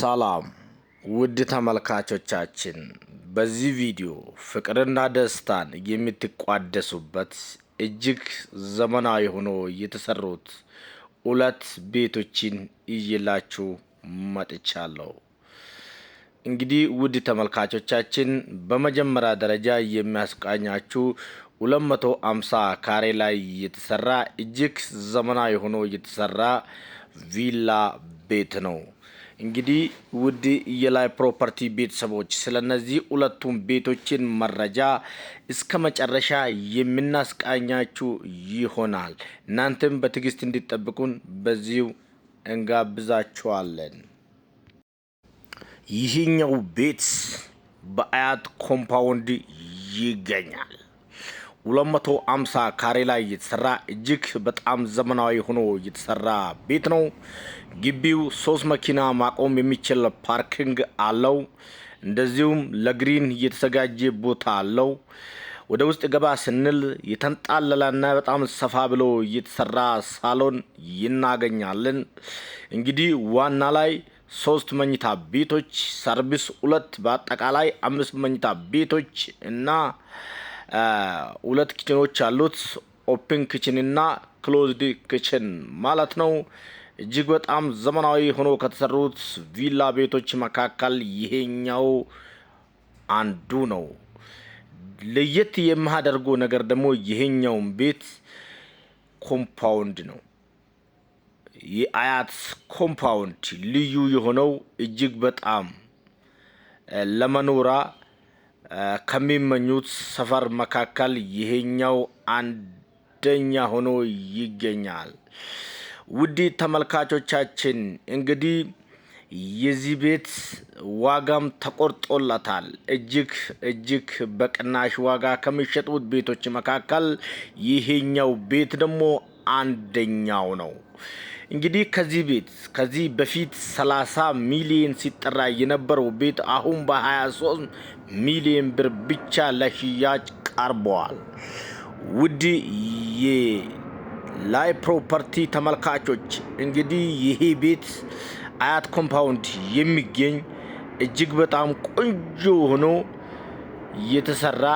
ሰላም ውድ ተመልካቾቻችን፣ በዚህ ቪዲዮ ፍቅርና ደስታን የምትቋደሱበት እጅግ ዘመናዊ ሆኖ የተሰሩት ሁለት ቤቶችን እይላችሁ መጥቻለሁ። እንግዲህ ውድ ተመልካቾቻችን በመጀመሪያ ደረጃ የሚያስቃኛችሁ 250 ካሬ ላይ የተሰራ እጅግ ዘመናዊ ሆኖ የተሰራ ቪላ ቤት ነው። እንግዲህ ውድ የላይ ፕሮፐርቲ ቤተሰቦች ስለነዚህ ሁለቱም ቤቶችን መረጃ እስከ መጨረሻ የምናስቃኛችሁ ይሆናል። እናንተም በትዕግስት እንዲጠብቁን በዚሁ እንጋብዛችኋለን። ይህኛው ቤት በአያት ኮምፓውንድ ይገኛል። 250 ካሬ ላይ የተሰራ እጅግ በጣም ዘመናዊ ሆኖ የተሰራ ቤት ነው። ግቢው ሶስት መኪና ማቆም የሚችል ፓርኪንግ አለው። እንደዚሁም ለግሪን የተዘጋጀ ቦታ አለው። ወደ ውስጥ ገባ ስንል የተንጣለለና በጣም ሰፋ ብሎ የተሰራ ሳሎን እናገኛለን። እንግዲህ ዋና ላይ ሶስት መኝታ ቤቶች፣ ሰርቪስ ሁለት፣ በአጠቃላይ አምስት መኝታ ቤቶች እና ሁለት ኪችኖች አሉት። ኦፕን ኪችን እና ክሎዝድ ኪችን ማለት ነው። እጅግ በጣም ዘመናዊ ሆኖ ከተሰሩት ቪላ ቤቶች መካከል ይሄኛው አንዱ ነው። ለየት የማደርገው ነገር ደግሞ ይሄኛውን ቤት ኮምፓውንድ ነው። የአያት ኮምፓውንድ ልዩ የሆነው እጅግ በጣም ለመኖራ ከሚመኙት ሰፈር መካከል ይሄኛው አንደኛ ሆኖ ይገኛል። ውድ ተመልካቾቻችን እንግዲህ የዚህ ቤት ዋጋም ተቆርጦለታል። እጅግ እጅግ በቅናሽ ዋጋ ከሚሸጡት ቤቶች መካከል ይሄኛው ቤት ደግሞ አንደኛው ነው። እንግዲህ ከዚህ ቤት ከዚህ በፊት 30 ሚሊዮን ሲጠራ የነበረው ቤት አሁን በ23 ሚሊዮን ብር ብቻ ለሽያጭ ቀርበዋል። ውድ የላይ ፕሮፐርቲ ተመልካቾች እንግዲህ ይሄ ቤት አያት ኮምፓውንድ የሚገኝ እጅግ በጣም ቆንጆ ሆኖ የተሰራ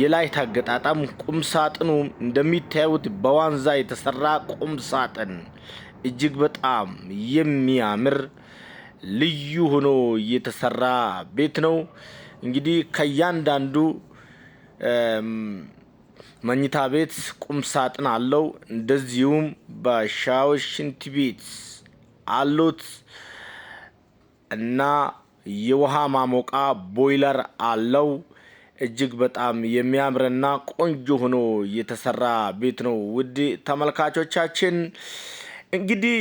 የላይት አገጣጣም ቁም ሳጥኑ እንደሚታዩት በዋንዛ የተሰራ ቁም ሳጥን እጅግ በጣም የሚያምር ልዩ ሆኖ የተሰራ ቤት ነው። እንግዲህ ከእያንዳንዱ መኝታ ቤት ቁም ሳጥን አለው። እንደዚሁም በሻወር፣ ሽንት ቤት አሉት እና የውሃ ማሞቃ ቦይለር አለው። እጅግ በጣም የሚያምርና ቆንጆ ሆኖ የተሰራ ቤት ነው። ውድ ተመልካቾቻችን እንግዲህ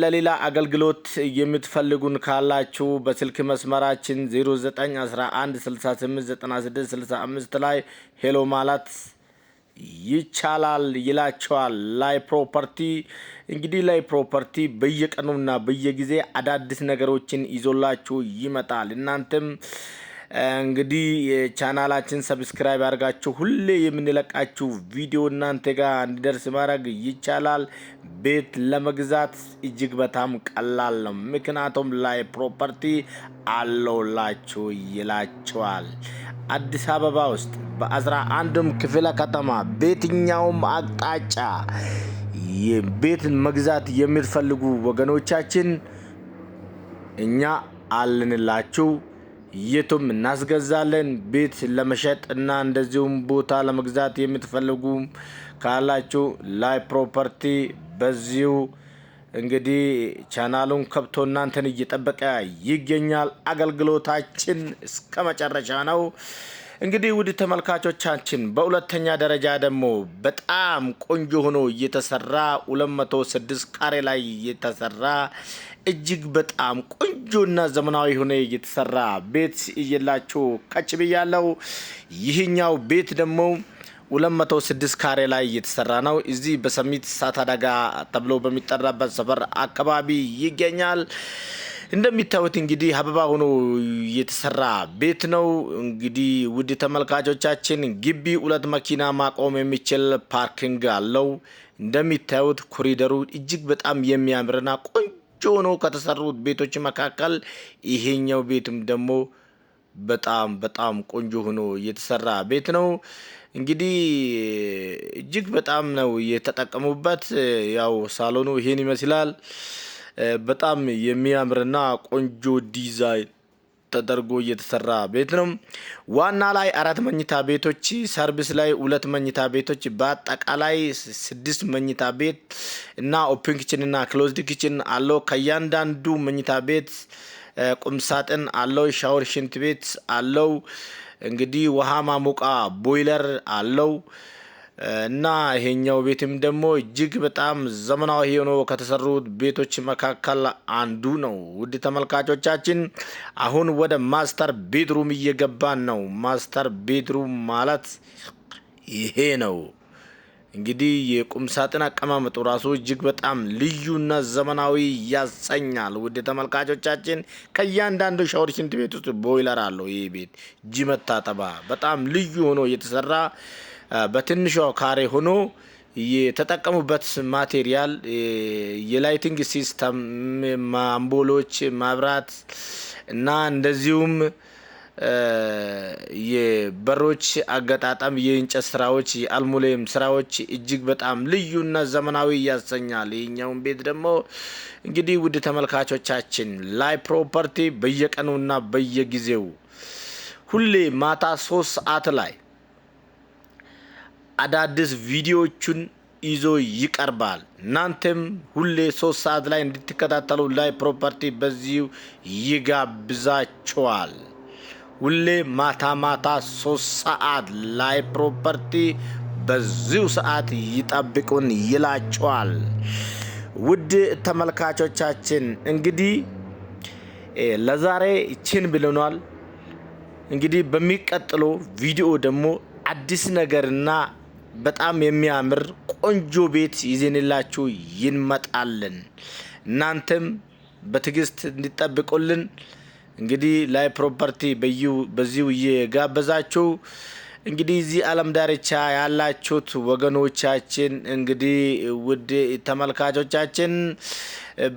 ለሌላ አገልግሎት የምትፈልጉን ካላችሁ በስልክ መስመራችን 0911689665 ላይ ሄሎ ማለት ይቻላል ይላቸዋል። ላይ ፕሮፐርቲ እንግዲህ ላይ ፕሮፐርቲ በየቀኑና በየጊዜ አዳዲስ ነገሮችን ይዞላችሁ ይመጣል እናንተም እንግዲህ የቻናላችን ሰብስክራይብ አድርጋችሁ ሁሌ የምንለቃችሁ ቪዲዮ እናንተ ጋር እንዲደርስ ማድረግ ይቻላል። ቤት ለመግዛት እጅግ በጣም ቀላል ነው። ምክንያቱም ላይ ፕሮፐርቲ አለውላችሁ ይላችኋል። አዲስ አበባ ውስጥ በአስራ አንድም ክፍለ ከተማ በየትኛውም አቅጣጫ ቤት መግዛት የሚፈልጉ ወገኖቻችን እኛ አልንላችሁ። የቱም እናስገዛለን። ቤት ለመሸጥ እና እንደዚሁም ቦታ ለመግዛት የምትፈልጉ ካላችሁ ላይ ፕሮፐርቲ በዚሁ እንግዲህ ቻናሉን ከብቶ እናንተን እየጠበቀ ይገኛል። አገልግሎታችን እስከ መጨረሻ ነው። እንግዲህ ውድ ተመልካቾቻችን በሁለተኛ ደረጃ ደግሞ በጣም ቆንጆ ሆኖ እየተሰራ 206 ካሬ ላይ እየተሰራ እጅግ በጣም እና ዘመናዊ ሆነ የተሰራ ቤት እየላችሁ ከች ብያለው። ይህኛው ቤት ደግሞ 206 ካሬ ላይ እየተሰራ ነው። እዚህ በሰሚት እሳት አደጋ ተብሎ በሚጠራበት ሰፈር አካባቢ ይገኛል። እንደሚታዩት እንግዲህ አበባ ሆኖ የተሰራ ቤት ነው። እንግዲህ ውድ ተመልካቾቻችን ግቢ ሁለት መኪና ማቆም የሚችል ፓርኪንግ አለው። እንደሚታዩት ኮሪደሩ እጅግ በጣም የሚያምርና ቆንጆ ቆንጆ ሆኖ ከተሰሩት ቤቶች መካከል ይሄኛው ቤትም ደግሞ በጣም በጣም ቆንጆ ሆኖ የተሰራ ቤት ነው። እንግዲህ እጅግ በጣም ነው የተጠቀሙበት። ያው ሳሎኑ ይሄን ይመስላል። በጣም የሚያምርና ቆንጆ ዲዛይን ተደርጎ እየተሰራ ቤት ነው። ዋና ላይ አራት መኝታ ቤቶች፣ ሰርቪስ ላይ ሁለት መኝታ ቤቶች፣ በአጠቃላይ ስድስት መኝታ ቤት እና ኦፕን ኪችን እና ክሎዝድ ኪችን አለው። ከእያንዳንዱ መኝታ ቤት ቁምሳጥን አለው። ሻወር፣ ሽንት ቤት አለው። እንግዲህ ውሃ ማሞቃ ቦይለር አለው። እና ይሄኛው ቤትም ደግሞ እጅግ በጣም ዘመናዊ ሆኖ ከተሰሩት ቤቶች መካከል አንዱ ነው። ውድ ተመልካቾቻችን አሁን ወደ ማስተር ቤድሩም እየገባን ነው። ማስተር ቤድሩም ማለት ይሄ ነው። እንግዲህ የቁም ሳጥን አቀማመጡ ራሱ እጅግ በጣም ልዩና ዘመናዊ ያሰኛል። ውድ ተመልካቾቻችን ከእያንዳንዱ ሻወር፣ ሽንት ቤት ውስጥ ቦይለር አለው። ይህ ቤት እጅ መታጠባ በጣም ልዩ ሆኖ እየተሰራ በትንሿ ካሬ ሆኖ የተጠቀሙበት ማቴሪያል የላይቲንግ ሲስተም ማምቦሎች ማብራት እና እንደዚሁም የበሮች አገጣጠም፣ የእንጨት ስራዎች፣ የአልሙሌም ስራዎች እጅግ በጣም ልዩና ዘመናዊ ያሰኛል። ይህኛውን ቤት ደግሞ እንግዲህ ውድ ተመልካቾቻችን ላይ ፕሮፐርቲ በየቀኑና በየጊዜው ሁሌ ማታ ሶስት ሰዓት ላይ አዳዲስ ቪዲዮዎቹን ይዞ ይቀርባል። እናንተም ሁሌ ሶስት ሰዓት ላይ እንድትከታተሉ ላይ ፕሮፐርቲ በዚሁ ይጋብዛችኋል። ሁሌ ማታ ማታ ሶስት ሰዓት ላይ ፕሮፐርቲ በዚሁ ሰዓት ይጠብቁን ይላቸዋል። ውድ ተመልካቾቻችን እንግዲህ ለዛሬ ይችን ብልኗል እንግዲህ በሚቀጥለው ቪዲዮ ደግሞ አዲስ ነገርና በጣም የሚያምር ቆንጆ ቤት ይዘንላችሁ ይንመጣለን። እናንተም በትዕግስት እንዲጠብቁልን እንግዲህ ላይ ፕሮፐርቲ በዚሁ እየጋበዛችሁ እንግዲህ እዚህ ዓለም ዳርቻ ያላችሁት ወገኖቻችን እንግዲህ ውድ ተመልካቾቻችን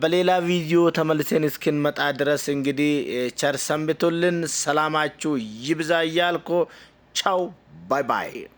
በሌላ ቪዲዮ ተመልሰን እስክንመጣ ድረስ እንግዲህ ቸር ሰንብቱልን። ሰላማችሁ ይብዛ እያልኩ ቻው፣ ባይ ባይ።